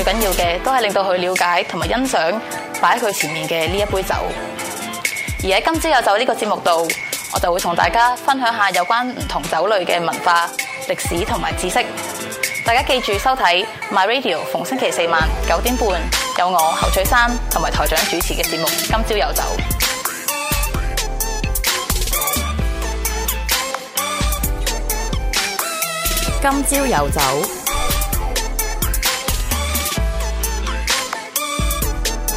最緊要嘅都係令到佢了解同埋欣賞擺喺佢前面嘅呢一杯酒。而喺今朝有酒呢個節目度，我就會同大家分享下有關唔同酒類嘅文化、歷史同埋知識。大家記住收睇，My Radio 逢星期四晚九點半有我侯翠珊同埋台長主持嘅節目《今朝有酒》。今朝有酒。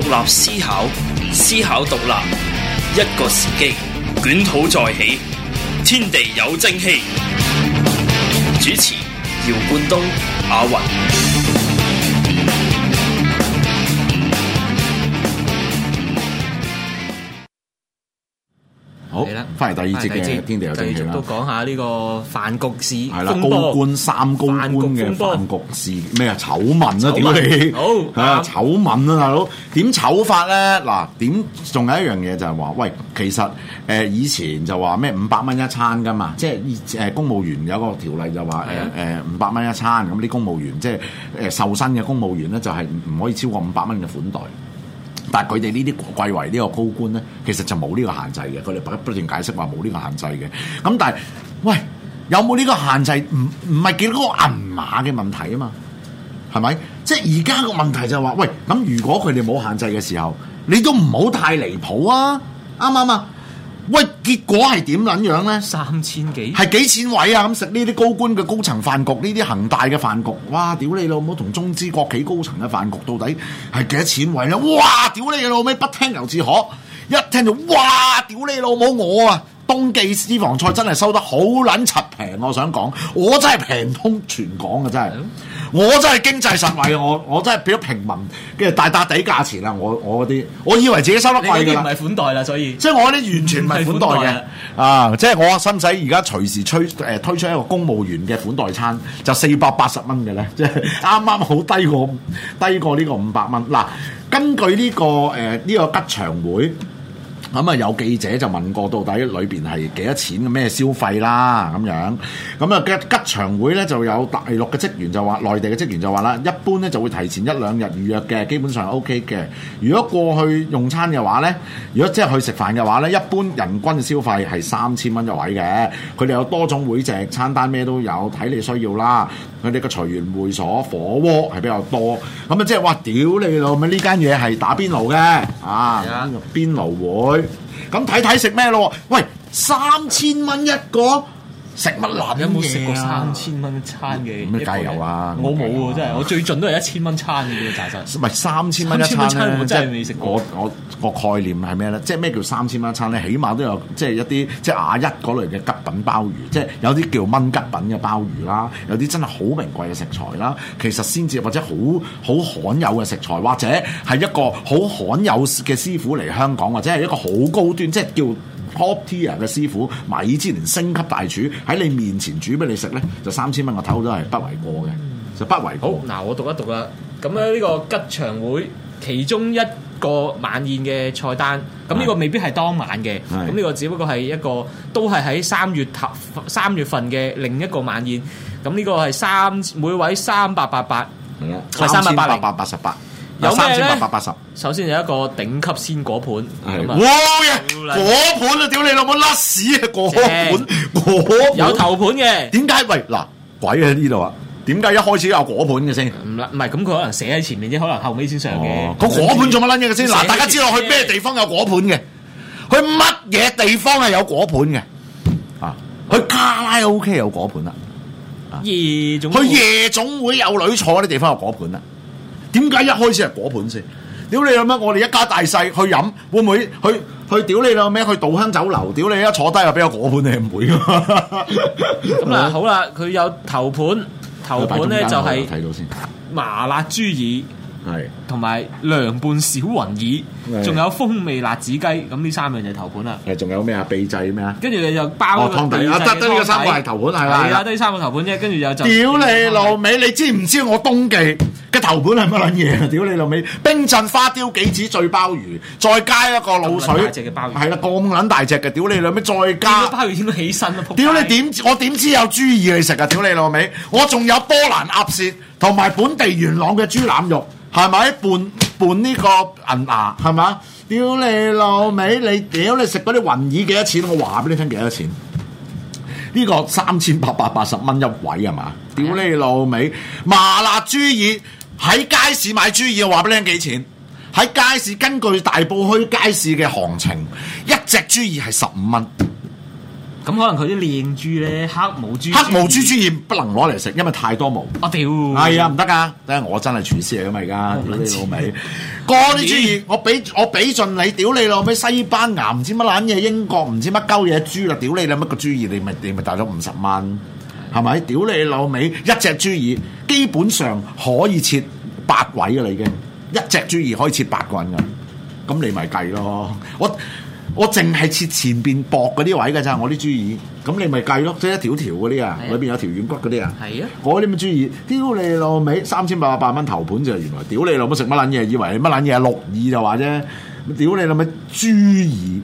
獨立思考，思考獨立。一個時機，卷土再起，天地有正氣。主持：姚冠東、阿云。好，翻嚟第二節嘅天地友政氣繼續都講下呢個飯局事，波高官三高官嘅飯局事咩啊？醜聞啊，點啊？ 好，醜聞啊，大佬點醜法咧？嗱，點仲有一樣嘢就係、是、話，喂，其實誒、呃、以前就話咩五百蚊一餐噶嘛，即係誒公務員有一個條例就話誒誒五百蚊一餐，咁啲公務員即係誒受薪嘅公務員咧就係唔可以超過五百蚊嘅款待。但佢哋呢啲貴為呢個高官咧，其實就冇呢個限制嘅。佢哋不，不斷解釋話冇呢個限制嘅。咁但係，喂，有冇呢個限制？唔唔係幾多個銀碼嘅問題啊嘛？係咪？即係而家個問題就係話，喂，咁如果佢哋冇限制嘅時候，你都唔好太離譜啊！啱唔啱啊？喂，結果係點撚樣呢？三千幾？係幾錢位啊？咁食呢啲高官嘅高層飯局，呢啲恒大嘅飯局，哇！屌你老母，同中資國企高層嘅飯局到底係幾多錢位呢？哇！屌你老母，不聽劉志可，一聽就哇！屌你老母，我啊，冬季私房菜真係收得好撚柒平，我想講，我真係平通全港㗎真係。嗯我真係經濟實惠，我我真係俾咗平民，跟住大笪地價錢啦，我我嗰啲，我以為自己收得貴嘅，唔係款待啦，所以，所以我啲完全唔係款待嘅，待啊，即係我阿新仔而家隨時推誒、呃、推出一個公務員嘅款待餐，就四百八十蚊嘅咧，即係啱啱好低過 低過呢個五百蚊。嗱、啊，根據呢、呢個誒呢、呃呢個吉祥會。咁啊、嗯，有記者就問過到底裏邊係幾多錢嘅咩消費啦，咁樣咁啊、嗯，吉吉祥會咧就有大陸嘅職員就話，內地嘅職員就話啦，一般咧就會提前一兩日預約嘅，基本上係 OK 嘅。如果過去用餐嘅話咧，如果即係去食飯嘅話咧，一般人均消費係三千蚊一位嘅，佢哋有多種會籍餐單咩都有，睇你需要啦。佢哋個財源會所火鍋係比較多，咁啊即係，哇屌你老咪呢間嘢係打邊爐嘅啊，邊、這個、爐會咁睇睇食咩咯？喂，三千蚊一個。食乜男人冇食過三千蚊一餐嘅？咩梗係有啊！我冇喎，真係 我最盡都係一、呢個、千蚊一餐嘅扎實。唔係三千蚊一餐。三千蚊一餐真係未食過。我個概念係咩咧？即係咩叫三千蚊一餐咧？起碼都有即係一啲即係阿一嗰類嘅吉品鮑魚，嗯、即係有啲叫炆吉品嘅鮑魚啦，有啲真係好名貴嘅食材啦。其實先至或者好好罕有嘅食材，或者係一個好罕有嘅師傅嚟香港，或者係一個好高端，即係叫。Top tier 嘅師傅，米芝蓮星級大廚喺你面前煮俾你食咧，就三千蚊個頭都係不為過嘅，就不為過。好，嗱，我讀一讀啦。咁咧呢個吉祥會其中一個晚宴嘅菜單，咁呢個未必係當晚嘅，咁呢個只不過係一個都係喺三月頭三月份嘅另一個晚宴。咁呢個係三每位三八八八，係三千八百八十八。有三千八百八十。首先有一個頂級鮮果盤，係啊。嗯、盤，果盤啊，屌你老母甩屎啊，果盤。有頭盤嘅。點解？喂，嗱，鬼喺呢度啊？點解一開始有果盤嘅先？唔唔係，咁佢可能寫喺前面啫，可能後尾先上嘅。個、哦、果盤做乜撚嘢嘅先？嗱，大家知道去咩地方有果盤嘅？去乜嘢地方係有果盤嘅？啊，去卡拉 OK 有果盤啊！夜、嗯、總去夜總會有女坐啲地方有果盤啊！點解一開始係果盤先？屌你啦咩？我哋一家大細去飲會唔會去？去去屌你啦咩？去稻香酒樓，屌你一坐低啊，俾我果盤你唔會噶？咁啊好啦，佢有頭盤，頭盤咧就係麻辣豬耳，係同埋涼拌小雲耳。仲有風味辣子雞，咁呢三樣就頭盤啦。誒，仲有咩啊？秘製咩啊？跟住就包。哦，湯底啊？得得，呢個三個係頭盤係啦。係啊，得呢三個頭盤啫。跟住又就。屌你老味，老你知唔知我冬記嘅頭盤係乜撚嘢啊？屌你老味，冰鎮花雕杞子醉鮑魚，再加一個滷水。咁大隻嘅鮑魚。係啦，啊，咁撚大隻嘅。屌你老味，再加。啲鮑魚起身啦，啊！屌你點？我點知有豬意嚟食啊？屌你老味，我仲有波蘭鴨舌同埋本地元朗嘅豬腩肉，係咪？半本呢個銀牙係嘛？屌你老味，你屌你食嗰啲雲耳幾多錢？我話俾你聽幾多錢？呢個三千八百八十蚊一位係嘛？屌你老味，麻辣豬耳喺街市買豬耳，我話俾你聽幾錢？喺街市根據大埔墟街市嘅行情，一隻豬耳係十五蚊。咁可能佢啲靚豬咧，黑毛豬，黑毛豬豬耳不能攞嚟食，因為太多毛。我屌，係啊，唔得噶。等下我真係廚師嚟噶嘛，而家屌你老味，嗰啲 豬耳，我俾我俾盡你，屌你老味！西班牙唔知乜撚嘢，英國唔知乜鳩嘢豬啦，屌你啦，乜個 豬耳你咪你咪大咗五十蚊？係咪？屌你老味！一隻豬耳基本上可以切八位噶啦，已經一隻豬耳可以切八個人噶，咁你咪計咯，我。我淨係切前邊薄嗰啲位嘅咋，我啲豬耳，咁、嗯、你咪計咯，即係一條條嗰啲啊，裏邊有條軟骨嗰啲啊。係啊，啲乜豬耳？屌你老味，三千八百八蚊頭盤就原來，屌你老母食乜撚嘢？以為你乜撚嘢？六耳就話啫，屌你老母豬耳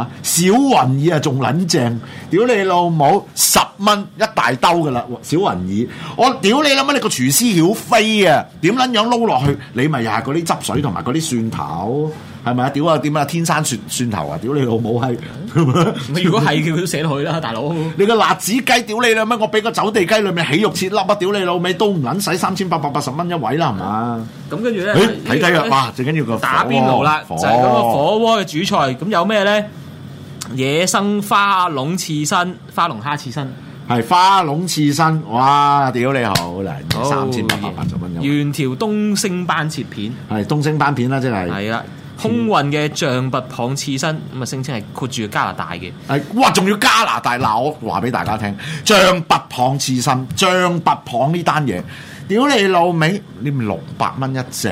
啊！小雲耳啊，仲撚正，屌你老母十蚊一大兜嘅啦，小雲耳。我屌你老母你個廚師曉飛啊，點撚樣撈落去？你咪又係嗰啲汁水同埋嗰啲蒜頭。係咪啊？屌啊！點啊？天山蒜蒜頭啊！屌你老母閪！如果係叫佢都寫落去啦，大佬。你個辣子雞屌你啦！乜我俾個走地雞裏面起肉切粒啊！屌你老味，都唔撚使三千八百八十蚊一位啦，係嘛？咁跟住咧，睇睇啦。哇！最緊要個打邊爐啦，就係嗰個火鍋嘅主菜。咁有咩咧？野生花龍刺身，花龍蝦刺身，係花龍刺身。哇！屌你好，嗱，三千八百八十蚊。原條東星斑切片，係東星斑片啦，真係。係啊。空運嘅象拔蚌刺身，咁啊聲稱係括住加拿大嘅。係哇，仲要加拿大鬧話俾大家聽，象拔蚌刺身、象拔蚌呢單嘢。屌你老味，你六百蚊一隻，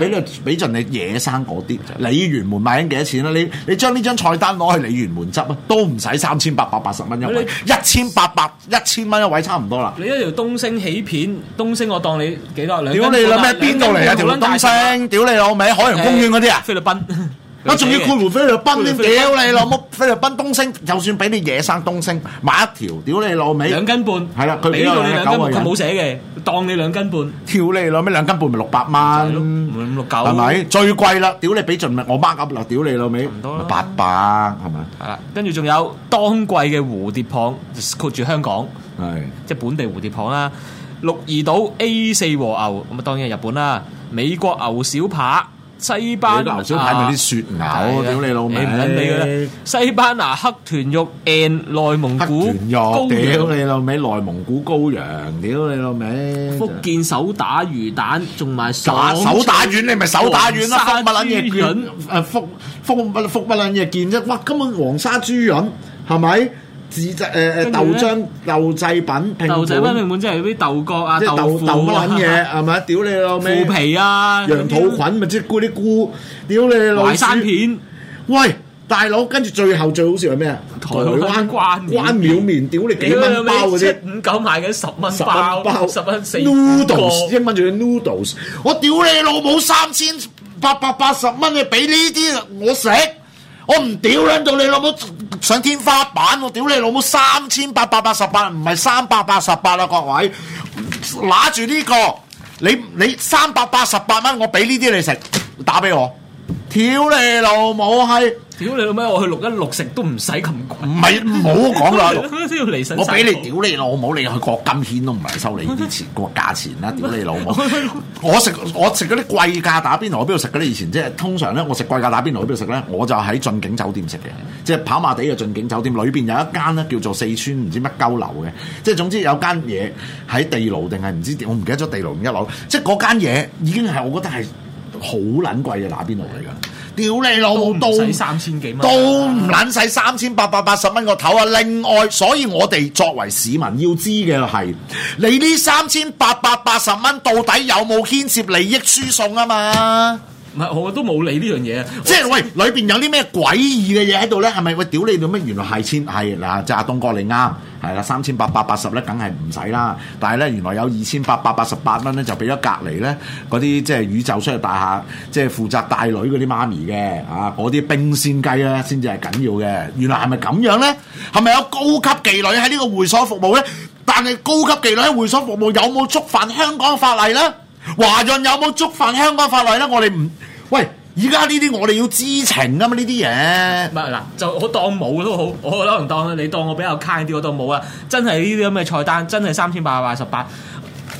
俾你俾盡你野生嗰啲，鯉魚門賣緊幾多錢啦？你你將呢張菜單攞去鯉魚門執啊，都唔使三千八百八十蚊一位，一千八百一千蚊一位差唔多啦。你一條東星起片，東星我當你幾多兩？屌你老咩邊度嚟啊？條東星，屌你老味，海洋公園嗰啲啊？菲律賓。 我仲要括弧菲律賓添，屌你老母！菲律賓東星就算俾你野生東星，買一條，屌你老尾兩斤半，係啦，佢呢度嘅狗佢冇寫嘅，當你兩斤半，屌你老尾兩斤半咪六百蚊咯，五六九係咪最貴啦？屌你俾盡咪，我 mark 嗱，屌你老尾八百係嘛？係啦，跟住仲有當季嘅蝴蝶蚌，括住香港係即係本地蝴蝶蚌啦，鹿兒島 A 四和牛，咁啊當然係日本啦，美國牛小扒。西班牙啊！西班牙黑豚肉 and 內蒙古羔羊，屌你老味！內蒙古羔羊，屌你老味！福建手打魚蛋，仲埋手打丸，你咪手打丸咯，福不捻嘢卷，誒，福福百福百捻嘢見啫！哇，今日黃沙豬潤，係咪？自製誒誒豆漿豆製品，豆製品你滿即係啲豆角啊，即係豆豆揾嘢係咪？屌你老味？腐皮啊，羊肚菌咪即係咕哩咕。屌你老！買生片，喂大佬，跟住最後最好笑係咩啊？台灣關關廟麵，屌你幾蚊包嘅啫？五九買緊十蚊包，十蚊四。noodles 一蚊仲要 noodles，我屌你老母三千八百八十蚊嘅俾呢啲我食，我唔屌捻到你老母。上天花板我屌你老母三千八百八十八，唔係三百八十八啊，各位揦住呢個，你你三百八十八蚊我俾呢啲你食，打畀我。屌你老母閪！屌你老母！我去六一六食都唔使咁貴。唔係唔好講啦， 我俾你屌你老母，你去郭金軒都唔係收你啲錢個價錢啦！屌你 老母， 我食我食嗰啲貴價打邊爐，我邊度食嘅咧？以前即係通常咧，我食貴價打邊爐喺邊度食咧？我就喺俊景酒店食嘅，即係跑馬地嘅俊景酒店，裏邊有一間咧叫做四川唔知乜鳩樓嘅，即係總之有間嘢喺地牢定係唔知我唔記得咗地牢幾多樓。即係嗰間嘢已經係我覺得係。好撚貴啊！打邊爐嚟噶？屌你老母，都三千幾蚊，都唔撚使三千八百八十蚊個頭啊！另外，所以我哋作為市民要知嘅係，你呢三千八百八十蚊到底有冇牽涉利益輸送吖嘛？唔係，我都冇理呢樣嘢。即係喂，裏邊有啲咩詭異嘅嘢喺度咧？係咪喂屌你到咩？原來係千係嗱，就阿、啊、東哥你啱，係啦三千八百八,八十咧，梗係唔使啦。但係咧，原來有二千八百八,八十八蚊咧，就俾咗隔籬咧嗰啲即係宇宙商業大廈即係負責帶女嗰啲媽咪嘅啊，嗰啲冰鮮雞咧先至係緊要嘅。原來係咪咁樣咧？係咪有高級妓女喺呢個會所服務咧？但係高級妓女喺會所服務有冇觸犯香港法例咧？華潤有冇觸犯香港法例咧？我哋唔～喂，而家呢啲我哋要知情噶嘛？呢啲嘢，唔係嗱，就我當冇都好，我可能當你當我比較慳啲，我都冇啊。真係呢啲咁嘅菜單，真係三千八百八十八。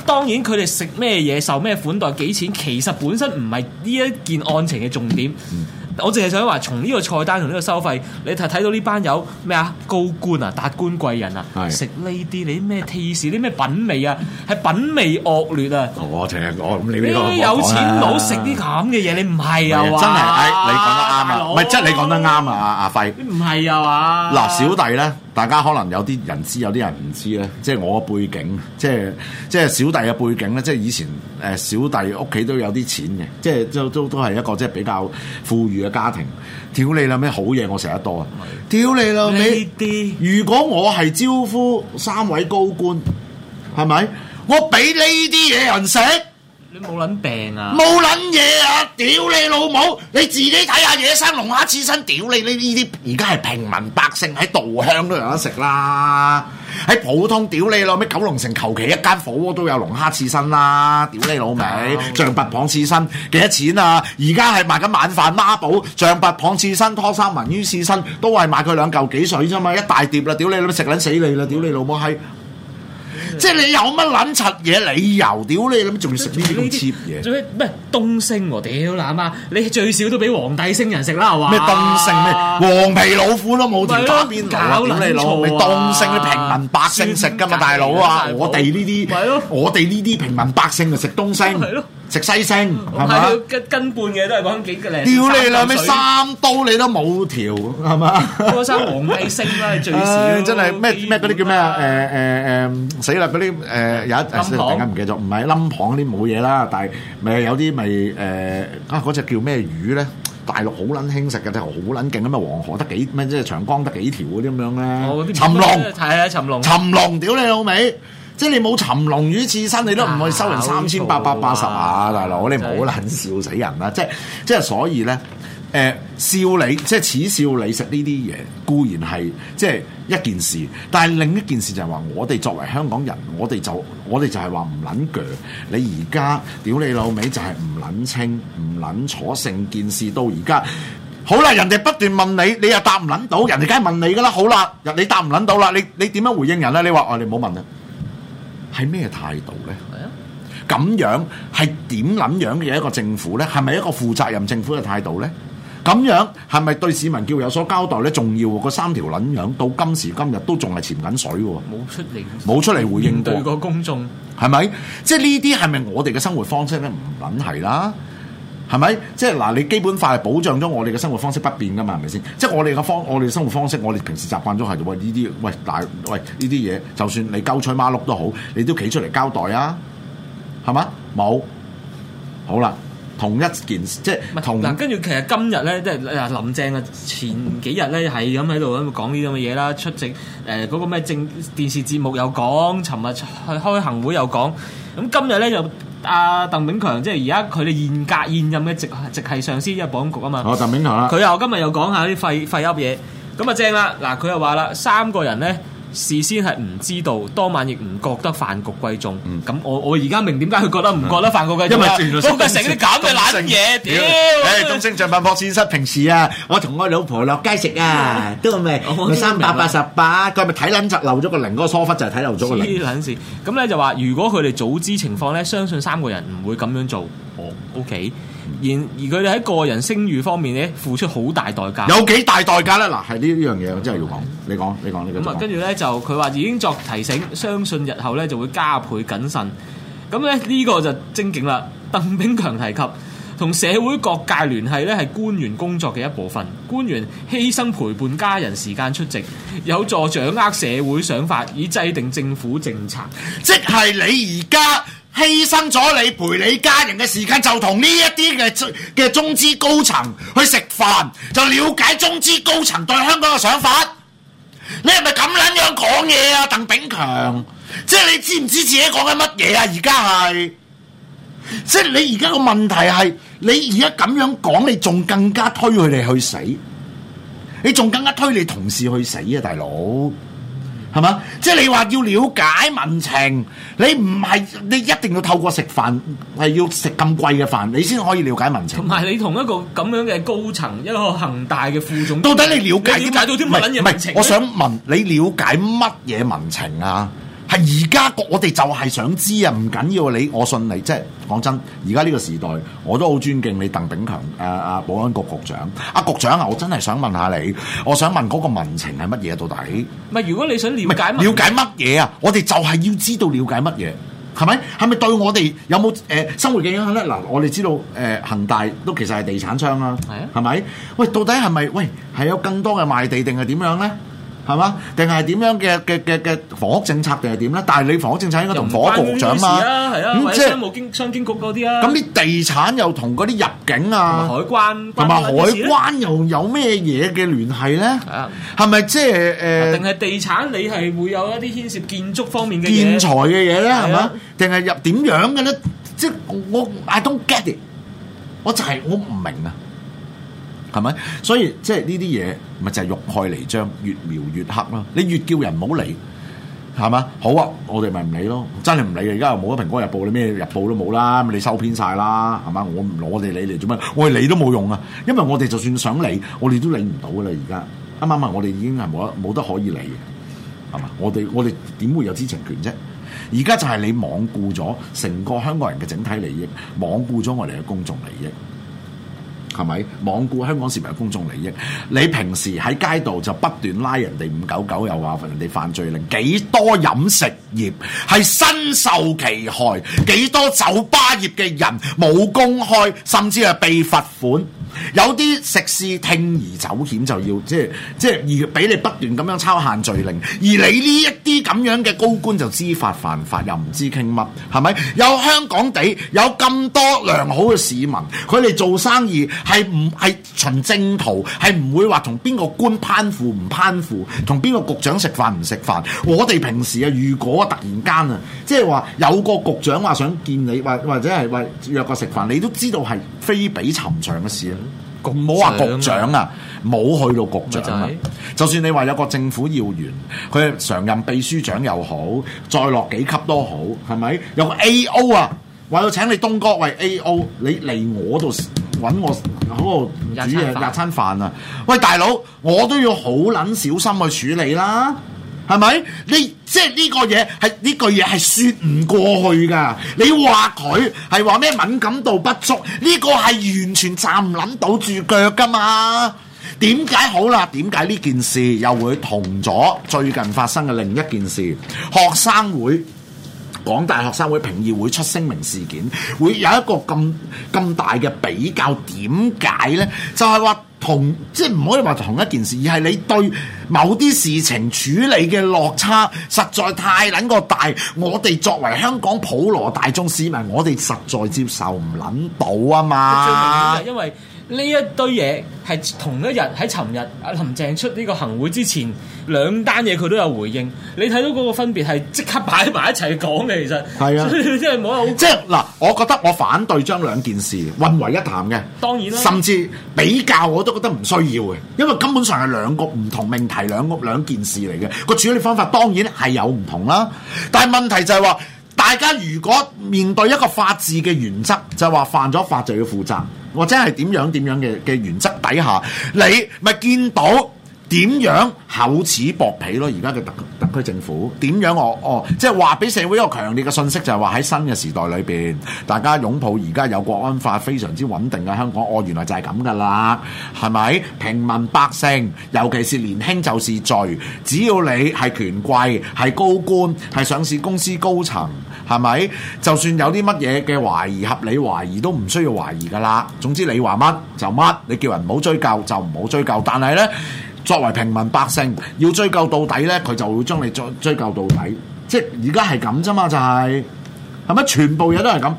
當然佢哋食咩嘢，受咩款待，幾錢，其實本身唔係呢一件案情嘅重點。嗯我淨係想話，從呢個菜單同呢個收費，你睇睇到呢班有咩啊高官啊達官貴人啊，食呢啲你咩 taste，啲咩品味啊，係品味惡劣啊！我成日我你呢個有錢佬食啲咁嘅嘢，你唔係啊？真係、哦，係你講得啱啊！唔係即係你講得啱啊！阿阿輝，唔係啊？哇！嗱，小弟咧。大家可能有啲人知，有啲人唔知咧。即係我嘅背景，即係即係小弟嘅背景咧。即係以前誒、呃、小弟屋企都有啲錢嘅，即係都都都係一個即係比較富裕嘅家庭。挑你啦咩好嘢，我食得多啊！挑你啦你，啲，如果我係招呼三位高官，係咪我俾呢啲嘢人食？你冇撚病啊？冇撚嘢啊！屌你老母！你自己睇下野生龍蝦刺身，屌你呢呢啲！而家係平民百姓喺稻香都有得食啦，喺、嗯、普通屌你老味，咩九龍城求其一間火鍋都有龍蝦刺身啦，啊！屌你老味！象 拔蚌刺身幾多錢啊？而家係賣緊晚飯孖寶象拔蚌刺身，拖三文魚刺身，都係賣佢兩嚿幾水啫嘛！一大碟啦！屌你老味，食撚死你啦！屌你老母閪！即係你有乜撚柒嘢理由？屌你諗住仲要食呢啲咁 cheap 嘢？做咩咩東星？屌嗱嘛，你最少都俾皇帝星人食啦？話咩東星咩黃皮老虎都冇點、啊、的搞？點你老？你東星啲平民百姓食噶嘛，大佬啊！我哋呢啲我哋呢啲平民百姓就食東星。食西星，係嘛吧？跟跟半嘅都係講緊幾個嚟。屌你老味，三,三刀你都冇條，係嘛？嗰生黃帝星都啦，最少，真係咩咩嗰啲叫咩啊？誒誒誒，死啦！嗰啲誒有一陣時突然間唔記得咗，唔係冧螃啲冇嘢啦。但係咪有啲咪誒啊？嗰隻叫咩魚咧？大陸好撚興食嘅，就係好撚勁咁啊！黃河得幾咩？即係長江得幾條嗰啲咁樣咧？哦、鱘龍係啊，鱘龍。鱘龍屌你老味！即係你冇沉龍魚刺身，你都唔會收人三千八百八十啊，大佬哥你唔好撚笑死人啦、就是！即係即係，所以咧誒、呃、笑你，即係恥笑你食呢啲嘢固然係即係一件事，但係另一件事就係話我哋作為香港人，我哋就我哋就係話唔撚鋸你而家屌你老味，就係唔撚清唔撚楚成件事到而家好啦，人哋不斷問你，你又答唔撚到，人哋梗係問你噶啦。好啦，你答唔撚到啦，你你點樣回應人咧？你話我哋唔好問啦。係咩態度咧？係啊，咁 樣係點諗樣嘅一個政府咧？係咪一個負責任政府嘅態度咧？咁樣係咪對市民叫有所交代咧？重要嗰三條撚樣到今時今日都仲係潛緊水喎，冇出嚟，冇出嚟回應對個公眾，係咪？即係呢啲係咪我哋嘅生活方式咧？唔撚係啦。係咪？即係嗱，你基本法係保障咗我哋嘅生活方式不變噶嘛？係咪先？即係我哋嘅方，我哋生活方式，我哋平時習慣咗係喂呢啲，喂嗱，喂呢啲嘢，就算你鳩吹馬碌都好，你都企出嚟交代啊？係嘛？冇，好啦，同一件事，即係同嗱。跟住其實今日咧，即係林鄭啊，前幾日咧係咁喺度講呢啲咁嘅嘢啦，出席誒嗰、呃嗰個咩政電視節目又講，尋日去開行會又講，咁今日咧又。啊，鄧炳強即係而家佢哋現隔現，現任嘅直直係上司，因為保安局啊嘛，哦鄧炳強，佢又今日又講下啲廢廢噏嘢，咁啊正啦嗱，佢又話啦三個人咧。事先係唔知道，當晚亦唔覺得飯局貴重。咁我我而家明點解佢覺得唔覺得飯局貴重？因為成啲咁嘅爛嘢。誒，東星斑髮擴線室，平時啊，我同我老婆落街食啊，都係咪？三百八十八，佢係咪睇撚就漏咗個零嗰個疏忽就係睇漏咗個撚事。咁咧就話，如果佢哋早知情況咧，相信三個人唔會咁樣做。O K。然而佢哋喺個人聲譽方面咧，付出好大代價。有幾大代價咧？嗱，係呢呢樣嘢我真係要講。你講，你講，你講。咁啊，跟住咧就佢話已經作提醒，相信日後咧就會加倍謹慎。咁咧呢個就正經啦。鄧炳強提及，同社會各界聯繫咧係官員工作嘅一部分。官員犧牲陪伴家人時間出席，有助掌握社會想法，以制定政府政策。即係你而家犧牲咗你陪你家人嘅時間，就同呢一啲嘅嘅中資高層去食飯，就瞭解中資高層對香港嘅想法。你係咪咁樣樣講嘢啊，鄧炳強？即係你知唔知自己講緊乜嘢啊？而家係，即係你而家個問題係，你而家咁樣講，你仲更加推佢哋去死，你仲更加推你同事去死啊，大佬！係嘛？即係你話要了解民情，你唔係你一定要透過食飯，係要食咁貴嘅飯，你先可以了解民情。同埋你同一個咁樣嘅高層，一個恒大嘅副總，到底你了解你了解到啲乜嘢民情？我想問你了解乜嘢民情啊？而家我哋就係想知啊，唔緊要你，我信你。即係講真，而家呢個時代，我都好尊敬你，鄧炳強啊啊，保安局局長。阿、啊、局長啊，我真係想問下你，我想問嗰個民情係乜嘢到底？唔係，如果你想了解，了解乜嘢啊？我哋就係要知道了解乜嘢，係咪？係咪對我哋有冇誒、呃、生活嘅影響咧？嗱、呃，我哋知道誒恒、呃、大都其實係地產商啦，係啊，係咪、啊？喂，到底係咪？喂，係有更多嘅賣地定係點樣咧？係嘛？定係點樣嘅嘅嘅嘅房屋政策定係點咧？但係你房屋政策應該同房屋局長嘛？唔關聯事啊，係啊，或者商務經、商經局嗰啲啊。咁啲地產又同嗰啲入境啊，同埋海關，同埋海關又有咩嘢嘅聯繫咧？係咪即係誒？定係地產你係會有一啲牽涉建築方面嘅建材嘅嘢咧？係嘛？定係入點樣嘅咧？即係我 I don't get it，我就係我唔明啊！係咪？所以即係呢啲嘢，咪就係欲蓋彌彰，越描越黑咯。你越叫人唔好理，係嘛？好啊，我哋咪唔理咯，真係唔理嘅。而家又冇咗《蘋果日報》，你咩日報都冇啦，你受騙晒啦，係嘛？我唔攞我哋理嚟做乜？我哋理，理都冇用啊，因為我哋就算想理，我哋都理唔到噶啦。而家啱啱啊，我哋已經係冇得冇得可以理嘅，係嘛？我哋我哋點會有知情權啫？而家就係你罔顧咗成個香港人嘅整體利益，罔顧咗我哋嘅公眾利益。係咪罔顧香港市民嘅公眾利益？你平時喺街度就不斷拉人哋五九九，又話人哋犯罪，令幾多飲食業係身受其害，幾多酒吧業嘅人冇公開，甚至係被罰款。有啲食肆鋌而走險就要即係即係而俾你不斷咁樣抄限聚令，而你呢一啲咁樣嘅高官就知法犯法，又唔知傾乜係咪？有香港地有咁多良好嘅市民，佢哋做生意。係唔係循正途？係唔會話同邊個官攀附唔攀附，同邊個局長食飯唔食飯？我哋平時啊，如果突然間啊，即係話有個局長話、啊、想見你，或或者係話約個食飯，你都知道係非比尋常嘅事啦。冇話局長啊，冇、啊、去到局長啊。係就係、就算你話有個政府要員，佢係常任秘書長又好，再落幾級都好，係咪？有個 A O 啊，話要請你東哥喂 A O，你嚟我度。揾我嗰度煮嘢吔餐飯啊！喂，大佬，我都要好撚小心去處理啦，係咪？你即係呢個嘢係呢句嘢係説唔過去噶。你話佢係話咩敏感度不足？呢個係完全站唔撚到住腳噶嘛？點解好啦？點解呢件事又會同咗最近發生嘅另一件事學生會？港大學生會評議會出聲明事件，會有一個咁咁大嘅比較，點解呢？就係話同即係唔可以話同一件事，而係你對某啲事情處理嘅落差實在太撚個大，我哋作為香港普羅大眾市民，我哋實在接受唔撚到啊嘛！因為呢一堆嘢。係同一日，喺尋日阿林鄭出呢個行會之前，兩單嘢佢都有回應，你睇到嗰個分別係，即刻擺埋一齊講嘅，其實係是啊 ，即係冇即係嗱，我覺得我反對將兩件事混為一談嘅，當然啦，甚至比較我都覺得唔需要嘅，因為根本上係兩個唔同命題，兩個兩件事嚟嘅，個處理方法當然係有唔同啦。但係問題就係話，大家如果面對一個法治嘅原則，就係話、是、犯咗法就要負責。或者係點樣點樣嘅嘅原則底下，你咪見到點樣厚此薄彼咯？而家嘅特特區政府點樣我？我哦，即係話俾社會一個強烈嘅信息，就係話喺新嘅時代裏邊，大家擁抱而家有國安法非常之穩定嘅香港。哦，原來就係咁噶啦，係咪？平民百姓，尤其是年輕，就是罪。只要你係權貴，係高官，係上市公司高層。係咪？就算有啲乜嘢嘅懷疑、合理懷疑都唔需要懷疑噶啦。總之你話乜就乜，你叫人唔好追究就唔好追究。但係呢，作為平民百姓，要追究到底呢，佢就會將你再追究到底。即係而家係咁啫嘛，就係係咪？全部嘢都係咁。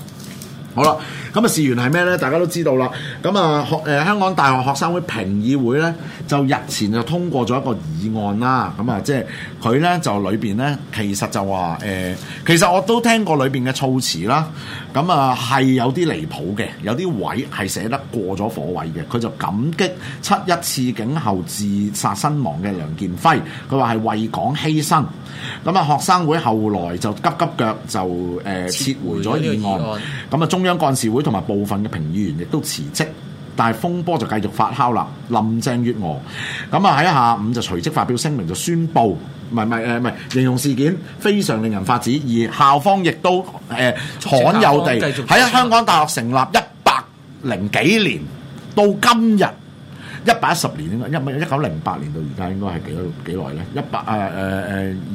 好啦，咁啊事源係咩呢？大家都知道啦。咁啊學誒香港大學學生會評議會呢，就日前就通過咗一個議案啦。咁啊，即係佢呢，就裏邊呢，其實就話：誒、呃，其實我都聽過裏邊嘅措辭啦。咁啊係有啲離譜嘅，有啲位係寫得過咗火位嘅。佢就感激七一刺警後自殺身亡嘅梁建輝，佢話：「係為港犧牲。咁啊，學生會後來就急急腳就誒撤回咗議案。咁啊，中央幹事會同埋部分嘅評議員亦都辭職。但係風波就繼續發酵啦。林鄭月娥咁啊喺下午就隨即發表聲明，就宣布唔係唔係誒唔係形容事件非常令人髮指，而校方亦都誒罕有地喺香港大學成立一百零幾年到今日，一百一十年啊嘛，一一九零八年到而家，應該係幾多幾耐咧？一百啊誒誒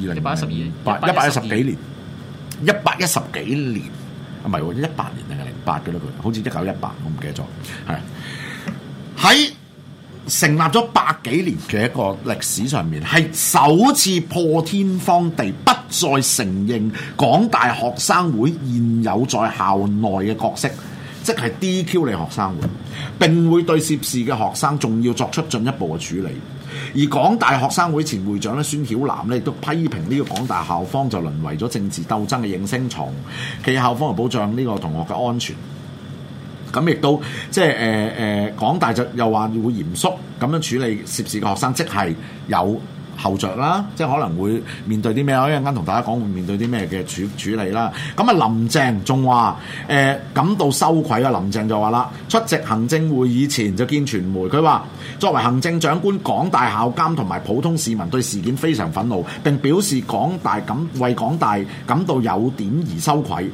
二零一百一十二百一百一十幾年，一百一十幾年,年啊，咪喎，一百年定係零八嘅咧，佢好似一九一八，我唔記得咗。係喺成立咗百幾年嘅一個歷史上面，係首次破天荒地不再承認港大學生會現有在校內嘅角色。即係 DQ 你學生會，並會對涉事嘅學生仲要作出進一步嘅處理。而港大學生會前會長咧，孫曉嵐咧亦都批評呢個港大校方就淪為咗政治鬥爭嘅應聲蟲，其校方嚟保障呢個同學嘅安全。咁亦都即係誒誒港大就又話會嚴肅咁樣處理涉事嘅學生，即係有。後着啦,即係可能會面對啲咩咯？一陣間同大家講會面對啲咩嘅處處理啦。咁啊，林鄭仲話誒感到羞愧啊。林鄭就話啦，出席行政會議前就見傳媒,佢話作為行政長官,港大校監同埋普通市民對事件非常憤怒,並表示港大感為港大感到有點而羞愧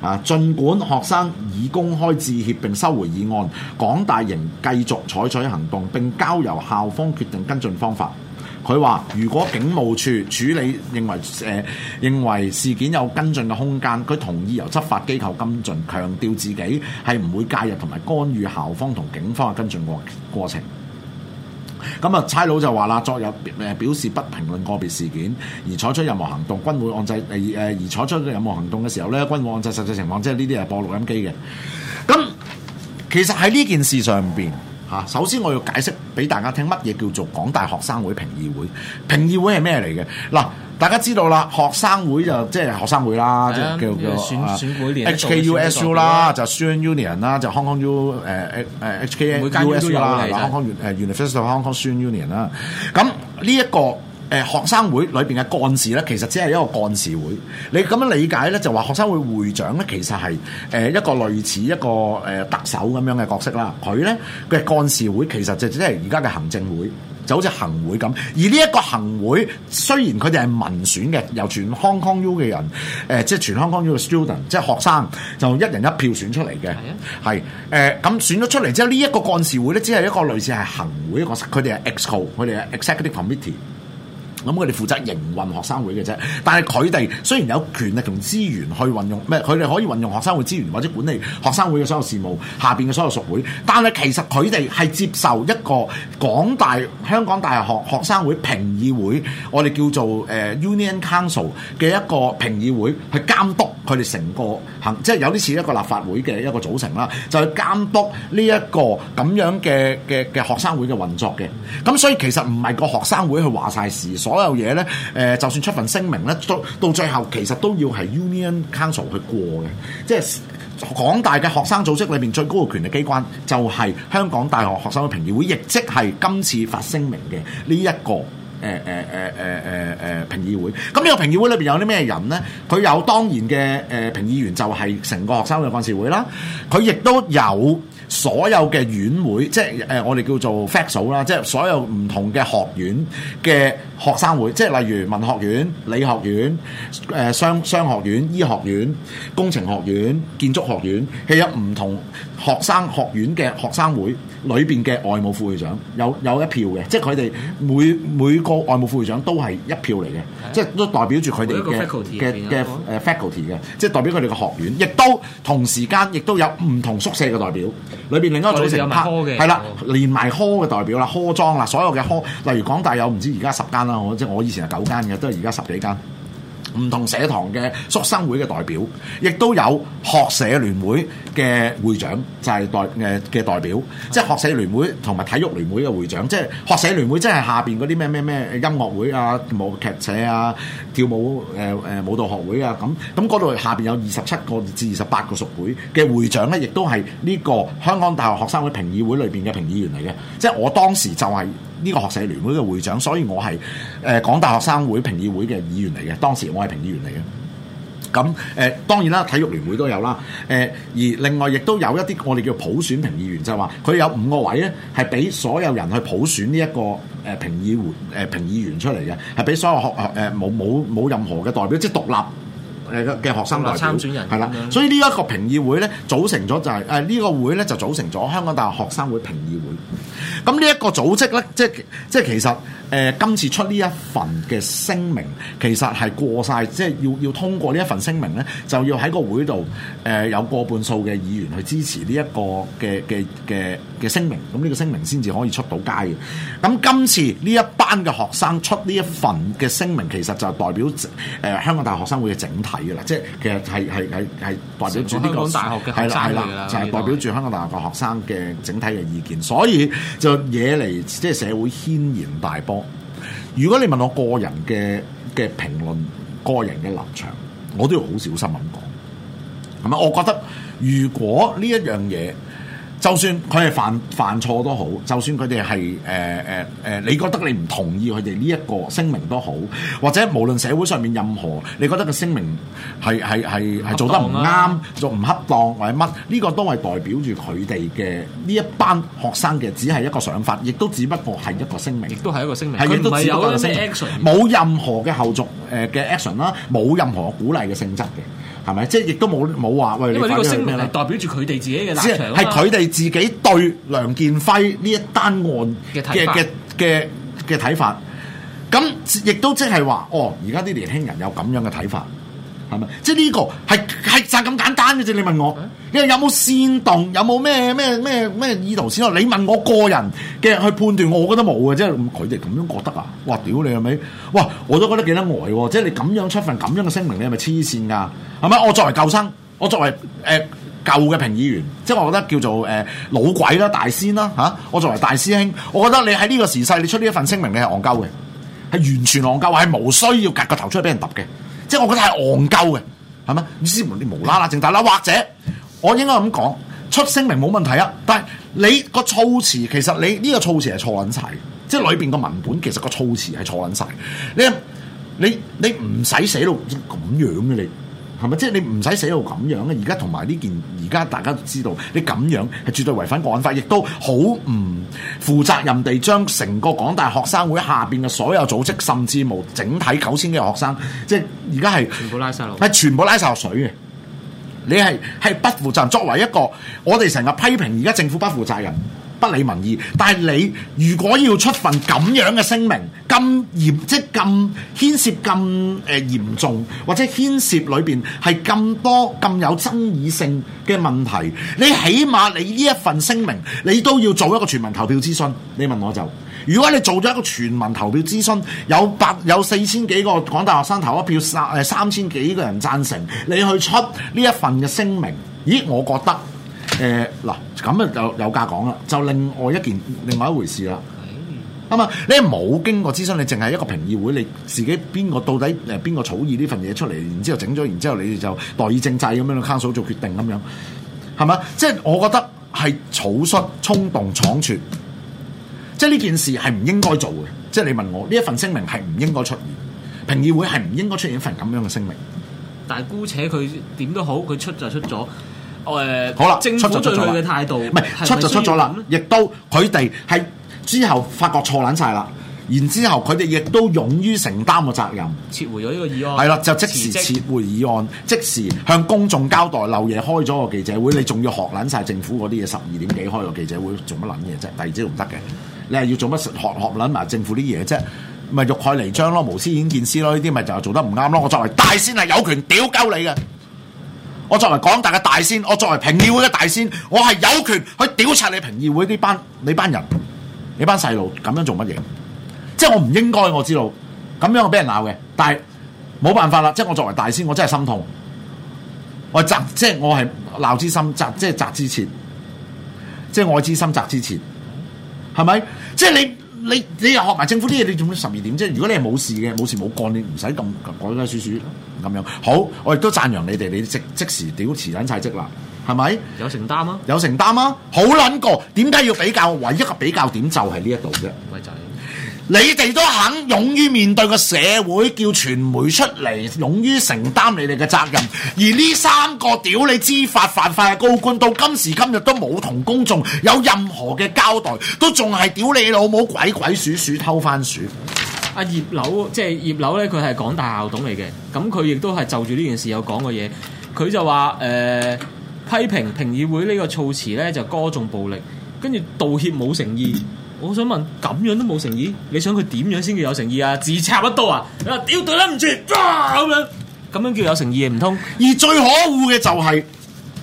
啊。儘管學生已公開致歉並收回議案,港大仍繼續採取行動並交由校方決定跟進方法。佢話：如果警務處處理認為誒、呃、認為事件有跟進嘅空間，佢同意由執法機構跟進，強調自己係唔會介入同埋干預校方同警方嘅跟進過過程。咁、嗯、啊，差佬就話啦：昨日誒表示不評論個別事件，而採取任何行動均會按制誒而採取任何行動嘅時候咧，均會按制實際情況之下，即係呢啲係播錄音機嘅。咁、嗯、其實喺呢件事上邊。嚇！首先我要解釋俾大家聽，乜嘢叫做港大學生會評議會？評議會係咩嚟嘅？嗱，大家知道啦，學生會就即係學生會啦，即係叫、啊、叫 H K 了 U、呃呃、n, US, S U 啦，就 Student Union 啦，就 Hong Kong U 誒誒 H K U S U 啦，Hong Kong 誒 University of Hong Kong Student Union 啦，咁呢一個。誒學生會裏邊嘅幹事咧，其實只係一個幹事會。你咁樣理解咧，就話學生會會長咧，其實係誒、呃、一個類似一個誒、呃、特首咁樣嘅角色啦。佢咧嘅幹事會其實就只係而家嘅行政會，就好似行會咁。而呢一個行會雖然佢哋係民選嘅，由全 Hong Kong U 嘅人誒、呃，即係全 Hong Kong U 嘅 student，即係學生，就一人一票選出嚟嘅。係啊，咁、呃、選咗出嚟之後，呢、這、一個幹事會咧，只係一個類似係行會一個，佢哋係 x e 佢哋係 executive committee。咁佢哋負責營運學生會嘅啫，但係佢哋雖然有權力同資源去運用咩，佢哋可以運用學生會資源或者管理學生會嘅所有事務下邊嘅所有屬會，但係其實佢哋係接受一個港大，香港大學學生會評議會，我哋叫做誒 Union Council 嘅一個評議會去監督佢哋成個行，即係有啲似一個立法會嘅一個組成啦，就去監督呢一個咁樣嘅嘅嘅學生會嘅運作嘅。咁所以其實唔係個學生會去話晒事所。所有嘢呢，誒，就算出份聲明呢，到到最後其實都要係 Union Council 去過嘅，即係港大嘅學生組織裏面最高嘅權力機關，就係香港大學學生嘅評議會，亦即係今次發聲明嘅呢一個誒誒誒誒誒誒評議會。咁呢個評議會裏邊有啲咩人呢？佢有當然嘅誒評議員，就係成個學生嘅幹事會啦。佢亦都有所有嘅院會，即係誒我哋叫做 faculties 啦，即係所有唔同嘅學院嘅。學生會即係例如文學院、理學院、誒商商學院、醫學院、工程學院、建築學院，係有唔同學生學院嘅學生會裏邊嘅外務副會長有有一票嘅，即係佢哋每每個外務副會長都係一票嚟嘅，的即係都代表住佢哋嘅嘅嘅誒 faculty 嘅，ulty, 即係代表佢哋嘅學院，亦都同時間亦都有唔同宿舍嘅代表，裏邊另一個組成 part 係啦，連埋科嘅代表啦，科莊啦，所有嘅科，例如港大有唔知而家十間。啦，即係我以前係九間嘅，都係而家十幾間，唔同社堂嘅宿生會嘅代表，亦都有學社聯會。嘅會長就係、是、代誒嘅、呃、代表，即係學社聯會同埋體育聯會嘅會長，即係學社聯會，即係下邊嗰啲咩咩咩音樂會啊、舞劇社啊、跳舞誒誒、呃、舞蹈學會啊，咁咁嗰度下邊有二十七個至二十八個屬會嘅會長咧，亦都係呢個香港大學學生會評議會裏邊嘅評議員嚟嘅，即係我當時就係呢個學社聯會嘅會長，所以我係誒、呃、港大學生會評議會嘅議員嚟嘅，當時我係評議員嚟嘅。咁誒、呃、當然啦，體育聯會都有啦，誒、呃、而另外亦都有一啲我哋叫普選評議員，就係話佢有五個位咧，係俾所有人去普選呢、這、一個誒評議會誒評議員出嚟嘅，係俾所有學誒冇冇冇任何嘅代表，即係獨立。嘅嘅學生代表參選人，係啦，所以呢一個評議會咧，組成咗就係誒呢個會咧，就組成咗香港大學學生會評議會。咁呢一個組織咧，即即其實誒、呃、今次出呢一份嘅聲明，其實係過晒，即要要通過呢一份聲明咧，就要喺個會度誒、呃、有過半數嘅議員去支持呢一個嘅嘅嘅嘅聲明，咁呢個聲明先至可以出到街嘅。咁今次呢一班嘅學生出呢一份嘅聲明，其實就係代表誒、呃、香港大學學生會嘅整體。即係其實係係係係代表住、呢個、香港大學嘅學生嚟啦，就係代表住香港大學嘅學生嘅整體嘅意見，所以就惹嚟即係社會軒然大波。如果你問我個人嘅嘅評論、個人嘅立場，我都要好小心咁講。係咪？我覺得如果呢一樣嘢。就算佢係犯犯錯都好，就算佢哋係誒誒誒，你覺得你唔同意佢哋呢一個聲明都好，或者無論社會上面任何，你覺得個聲明係係係係做得唔啱，啊、做唔恰當或者乜，呢、呢個都係代表住佢哋嘅呢一班學生嘅，只係一個想法，亦都只不過係一個聲明，都係一個聲明，佢唔係有啲 action，冇任何嘅後續誒嘅、呃、action 啦，冇任何鼓勵嘅性質嘅。係咪？即係亦都冇冇話喂，因為呢個聲明係代表住佢哋自己嘅立場啊嘛。係佢哋自己對梁建輝呢一單案嘅嘅嘅嘅睇法。咁亦都即係話，哦，而家啲年輕人有咁樣嘅睇法。係咪？即係呢個係係就咁簡單嘅啫。你問我，你有冇煽動？有冇咩咩咩咩意圖先咯？你問我個人嘅人去判斷，我覺得冇嘅啫。佢哋咁樣覺得啊？哇！屌你係咪？哇！我都覺得幾得呆喎。即係你咁樣出份咁樣嘅聲明，你係咪黐線噶？係咪？我作為舊生，我作為誒、呃、舊嘅評議員，即係我覺得叫做誒、呃、老鬼啦、大仙啦嚇、啊。我作為大師兄，我覺得你喺呢個時勢，你出呢一份聲明，你係戇鳩嘅，係完全戇鳩，係無需要夾個頭出嚟俾人揼嘅。即係我覺得係戇鳩嘅，係咪？你先無啦啦正大啦，或者我應該咁講，出聲明冇問題啊。但係你個措辭，其實你呢個措辭係錯撚晒，即係裏邊個文本其實個措辭係錯撚晒。你你你唔使寫到咁樣嘅你。你係咪？即係你唔使寫到咁樣嘅。而家同埋呢件，而家大家都知道，你咁樣係絕對違反國安法，亦都好唔負責任地將成個港大學生會下邊嘅所有組織，甚至無整體九千幾個學生，即係而家係全部拉晒落，係全部拉晒落水嘅。你係係不負責任。作為一個，我哋成日批評而家政府不負責任。不理民意，但係你如果要出份咁樣嘅聲明，咁嚴即係咁牽涉咁誒、呃、嚴重，或者牽涉裏邊係咁多咁有爭議性嘅問題，你起碼你呢一份聲明，你都要做一個全民投票諮詢。你問我就，如果你做咗一個全民投票諮詢，有百有四千幾個廣大學生投一票，三誒三千幾個人贊成，你去出呢一份嘅聲明，咦？我覺得。誒嗱，咁啊有有價講啦，就另外一件另外一回事啦。係，咁 啊，你冇經過諮詢，你淨係一個評議會，你自己邊個到底誒邊個草擬呢份嘢出嚟，然之後整咗，然之後你哋就代議政制咁樣去 count 數做決定咁樣，係嘛？即係我覺得係草率、衝動、倉促，即係呢件事係唔應該做嘅。即係你問我呢一份聲明係唔應該出現，評議會係唔應該出現一份咁樣嘅聲明。但係姑且佢點都好，佢出就出咗。出誒、呃、好啦，政府對佢嘅態度，唔係出就出咗啦是，亦都佢哋係之後發覺錯撚晒啦，然之後佢哋亦都勇於承擔個責任，撤回咗呢個議案，係啦，就即時撤回議案，職即時向公眾交代漏嘢，開咗個記者會，你仲要學撚晒政府嗰啲嘢，十二點幾開個記者會，做乜撚嘢啫？第二朝唔得嘅，你係要做乜學學撚埋政府啲嘢啫？咪、就是、欲蓋彌彰咯，無私顯見私咯，呢啲咪就係做得唔啱咯。我作為大仙係有權屌鳩你嘅。我作為港大嘅大仙，我作為評議會嘅大仙，我係有權去調查你評議會呢班你班人，你班細路咁樣做乜嘢？即係我唔應該我知道咁樣，我俾人鬧嘅，但係冇辦法啦。即係我作為大仙，我真係心痛。我責即係我係鬧之心責，即係責之切，即係愛之心責之切，係咪？即係你。你你又學埋政府啲嘢，你做咩十二點啫？如果你係冇事嘅，冇事冇幹，你唔使咁講講説説咁樣。好，我亦都讚揚你哋，你即即時屌辭撚晒職啦，係咪？有承擔嗎？有承擔嗎？好撚過，點解要比較？唯一一個比較點就係呢一度啫。你哋都肯勇於面對個社會，叫傳媒出嚟勇於承擔你哋嘅責任。而呢三個屌你知法犯法嘅高官，到今時今日都冇同公眾有任何嘅交代，都仲係屌你老母鬼鬼鼠鼠偷番薯。阿、啊、葉劉，即係葉劉呢，佢係港大校董嚟嘅，咁佢亦都係就住呢件事有講嘅嘢。佢就話誒、呃、批評，評評議會呢個措辭呢，就歌頌暴力，跟住道歉冇誠意。 我想問咁樣都冇誠意？你想佢點樣先叫有誠意啊？字差不多啊？你話屌對得唔住咁樣，咁、啊、樣叫有誠意唔通？而最可惡嘅就係、是，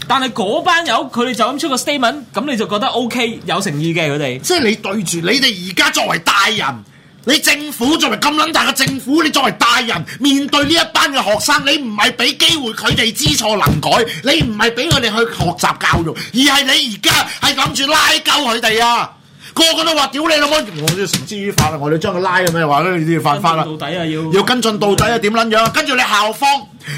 但係嗰班友佢哋就咁出個 statement，咁你就覺得 O、OK, K 有誠意嘅佢哋？即係你對住你哋而家作為大人，你政府作為咁捻大嘅政府，你作為大人面對呢一班嘅學生，你唔係俾機會佢哋知錯能改，你唔係俾佢哋去學習教育，而係你而家係諗住拉鳩佢哋啊！個個都話屌你老母，我哋要繩之於法啦，我哋將佢拉咁樣話咧，你都要犯法啦，要跟進到底啊，要要跟進到底啊，點捻樣？跟住你校方，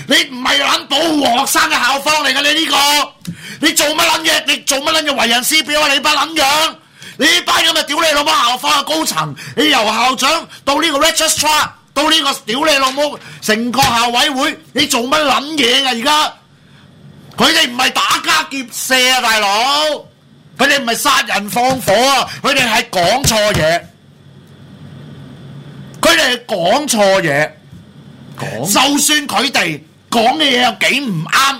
你唔係捻保護學生嘅校方嚟㗎，你呢個你做乜捻嘢？你做乜捻嘢為人師表啊？你班捻樣？你班咁咪屌你老母校方嘅高層？你由校長到呢個 registrar，到呢個屌你老母，成個校委會，你做乜捻嘢噶？而家佢哋唔係打家劫舍啊，大佬！佢哋唔係殺人放火啊！佢哋係講錯嘢，佢哋係講錯嘢。講就算佢哋講嘅嘢有幾唔啱，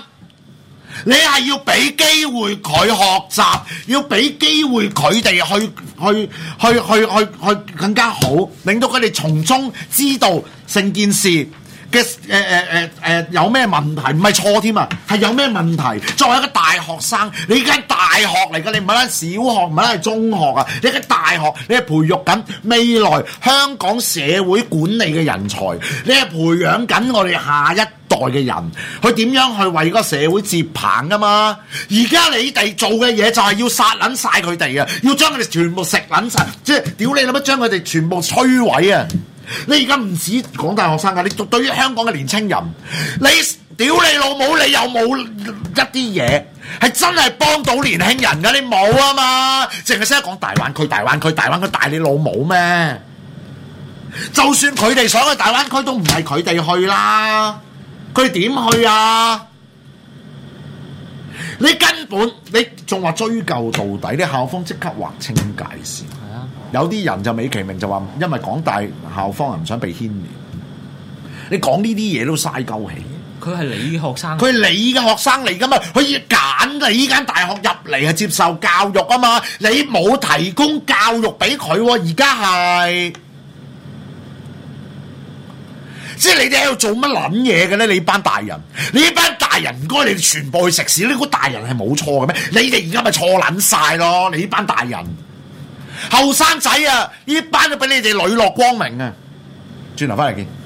你係要俾機會佢學習，要俾機會佢哋去去去去去去更加好，令到佢哋從中知道成件事。嘅誒誒誒誒有咩問題？唔係錯添啊，係有咩問題？作為一個大學生，你依家大學嚟㗎，你唔係喺小學，唔係喺中學啊！你依家大學，你係培育緊未來香港社會管理嘅人才，你係培養緊我哋下一代嘅人，佢點樣去為個社會接棒啊嘛？而家你哋做嘅嘢就係要殺撚晒佢哋啊，要將佢哋全部食撚晒。即係屌你老母，將佢哋全部摧毀啊！你而家唔止講大學生㗎，你仲對於香港嘅年青人，你屌你老母，你又冇一啲嘢係真係幫到年輕人㗎，你冇啊嘛，淨係識得講大灣區、大灣區、大灣區大你老母咩？就算佢哋想去大灣區都唔係佢哋去啦，佢點去啊？你根本你仲話追究到底，你校方即刻劃清界線。有啲人就美其名就話，因為港大校方啊，唔想被牽連。你講呢啲嘢都嘥鳩氣。佢係你學生，佢係你嘅學生嚟噶嘛。佢要揀你呢間大學入嚟啊，接受教育啊嘛。你冇提供教育俾佢，而家係即係你哋喺度做乜捻嘢嘅咧？你班大人，你班大人唔該，你全部去食屎！你估大人係冇錯嘅咩？你哋而家咪錯捻晒咯！你呢班大人。後生仔啊！呢班都俾你哋磊落光明啊！轉頭返嚟見。